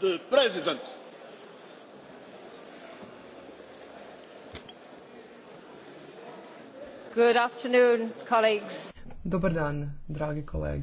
the president. Good afternoon, colleagues. Dobar dan, dragi kolege.